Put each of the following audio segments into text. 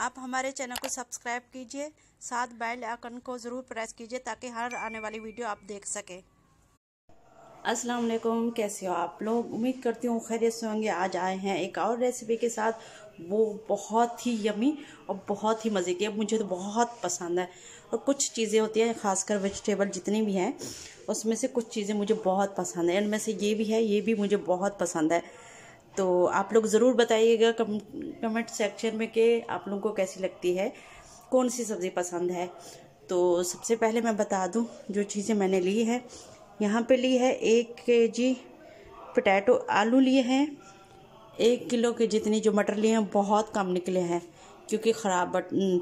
आप हमारे चैनल को सब्सक्राइब कीजिए साथ बेल आइकन को ज़रूर प्रेस कीजिए ताकि हर आने वाली वीडियो आप देख सकें अस्सलाम वालेकुम कैसे हो आप लोग उम्मीद करती हूँ खैरियत से होंगे आज आए हैं एक और रेसिपी के साथ वो बहुत ही यमी और बहुत ही मज़े की मुझे तो बहुत पसंद है और कुछ चीज़ें होती हैं खासकर वेजिटेबल जितनी भी हैं उसमें से कुछ चीज़ें मुझे बहुत पसंद है इनमें से ये भी है ये भी मुझे बहुत पसंद है तो आप लोग ज़रूर बताइएगा कम कमेंट सेक्शन में कि आप लोगों को कैसी लगती है कौन सी सब्ज़ी पसंद है तो सबसे पहले मैं बता दूं जो चीज़ें मैंने ली हैं यहाँ पे ली है एक के जी पटैटो आलू लिए हैं एक किलो के जितनी जो मटर लिए हैं बहुत कम निकले हैं क्योंकि ख़राब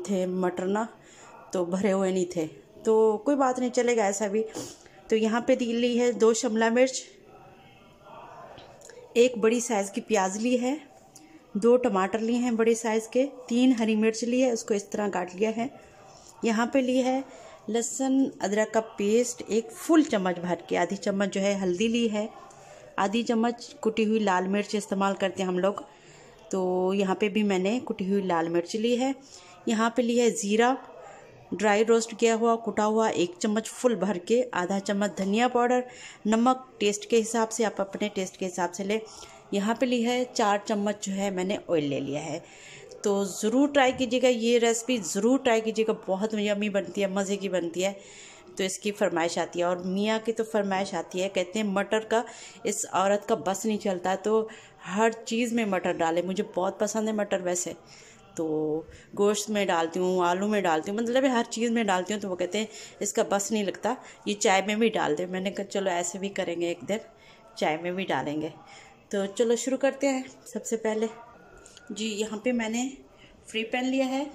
थे मटर ना तो भरे हुए नहीं थे तो कोई बात नहीं चलेगा ऐसा भी तो यहाँ पे दी ली है दो शिमला मिर्च एक बड़ी साइज़ की प्याज ली है दो टमाटर लिए हैं बड़े साइज़ के तीन हरी मिर्च ली है उसको इस तरह काट लिया है यहाँ पे ली है लहसुन अदरक का पेस्ट एक फुल चम्मच भर के आधी चम्मच जो है हल्दी ली है आधी चम्मच कुटी हुई लाल मिर्च इस्तेमाल करते हैं हम लोग तो यहाँ पे भी मैंने कुटी हुई लाल मिर्च ली है यहाँ पे ली है ज़ीरा ड्राई रोस्ट किया हुआ कुटा हुआ एक चम्मच फुल भर के आधा चम्मच धनिया पाउडर नमक टेस्ट के हिसाब से आप अपने टेस्ट के हिसाब से ले यहाँ पे ली है चार चम्मच जो है मैंने ऑयल ले लिया है तो ज़रूर ट्राई कीजिएगा ये रेसिपी ज़रूर ट्राई कीजिएगा बहुत यमी बनती है मज़े की बनती है तो इसकी फरमाइश आती है और मियाँ की तो फरमाइश आती है कहते हैं मटर का इस औरत का बस नहीं चलता तो हर चीज़ में मटर डाले मुझे बहुत पसंद है मटर वैसे तो गोश्त में डालती हूँ आलू में डालती हूँ मतलब हर चीज़ में डालती हूँ तो वो कहते हैं इसका बस नहीं लगता ये चाय में भी डाल दें मैंने कहा चलो ऐसे भी करेंगे एक दिन चाय में भी डालेंगे तो चलो शुरू करते हैं सबसे पहले जी यहाँ पे मैंने फ्री पैन लिया है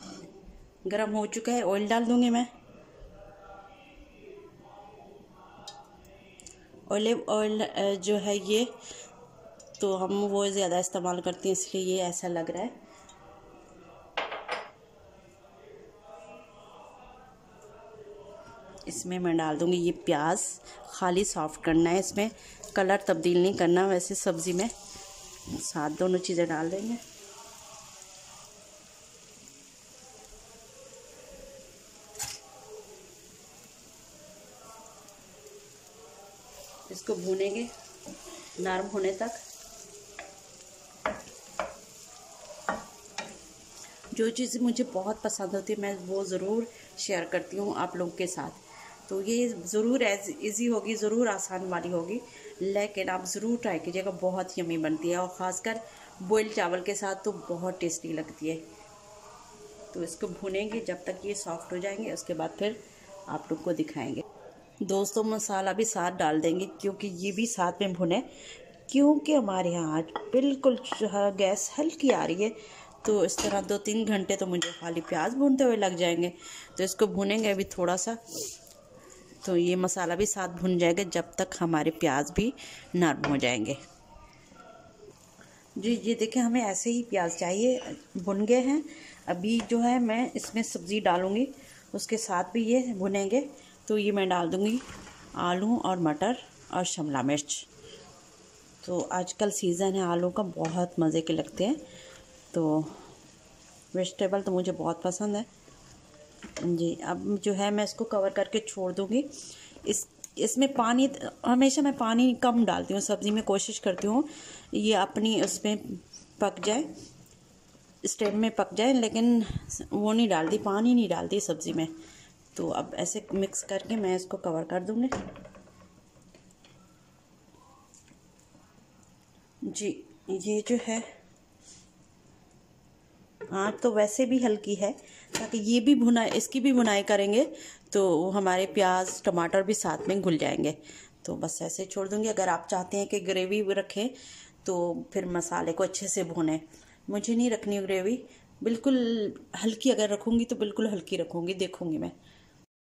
गरम हो चुका है ऑयल डाल दूँगी मैं ऑलिव ऑयल जो है ये तो हम वो ज़्यादा इस्तेमाल करते हैं इसलिए ये ऐसा लग रहा है इसमें मैं डाल दूँगी ये प्याज खाली सॉफ्ट करना है इसमें कलर तब्दील नहीं करना वैसे सब्ज़ी में साथ दोनों चीज़ें डाल देंगे इसको भूनेंगे नरम होने तक जो चीज़ मुझे बहुत पसंद होती है मैं वो ज़रूर शेयर करती हूँ आप लोगों के साथ तो ये ज़रूर ईजी होगी ज़रूर आसान वाली होगी लेकिन आप ज़रूर ट्राई कीजिएगा बहुत यमी बनती है और ख़ासकर बॉयल चावल के साथ तो बहुत टेस्टी लगती है तो इसको भुनेंगे जब तक ये सॉफ्ट हो जाएंगे उसके बाद फिर आप लोग को दिखाएँगे दोस्तों मसाला भी साथ डाल देंगे क्योंकि ये भी साथ में भुने क्योंकि हमारे यहाँ आज बिल्कुल गैस हल्की आ रही है तो इस तरह दो तीन घंटे तो मुझे खाली प्याज भूनते हुए लग जाएंगे तो इसको भूनेंगे अभी थोड़ा सा तो ये मसाला भी साथ भुन जाएगा जब तक हमारे प्याज भी नरम हो जाएंगे जी ये देखिए हमें ऐसे ही प्याज चाहिए भुन गए हैं अभी जो है मैं इसमें सब्ज़ी डालूँगी उसके साथ भी ये भुनेंगे तो ये मैं डाल दूँगी आलू और मटर और शिमला मिर्च तो आजकल सीज़न है आलू का बहुत मज़े के लगते हैं तो वेजिटेबल तो मुझे बहुत पसंद है जी अब जो है मैं इसको कवर करके छोड़ दूँगी इस इसमें पानी हमेशा मैं पानी कम डालती हूँ सब्ज़ी में कोशिश करती हूँ ये अपनी उसमें पक जाए स्टैंड में पक जाए लेकिन वो नहीं डालती पानी नहीं डालती सब्ज़ी में तो अब ऐसे मिक्स करके मैं इसको कवर कर दूँगी जी ये जो है आँख हाँ, तो वैसे भी हल्की है ताकि ये भी भुना इसकी भी भुनाई करेंगे तो हमारे प्याज टमाटर भी साथ में घुल जाएंगे तो बस ऐसे छोड़ दूँगी अगर आप चाहते हैं कि ग्रेवी रखें तो फिर मसाले को अच्छे से भुने मुझे नहीं रखनी ग्रेवी बिल्कुल हल्की अगर रखूँगी तो बिल्कुल हल्की रखूँगी देखूँगी मैं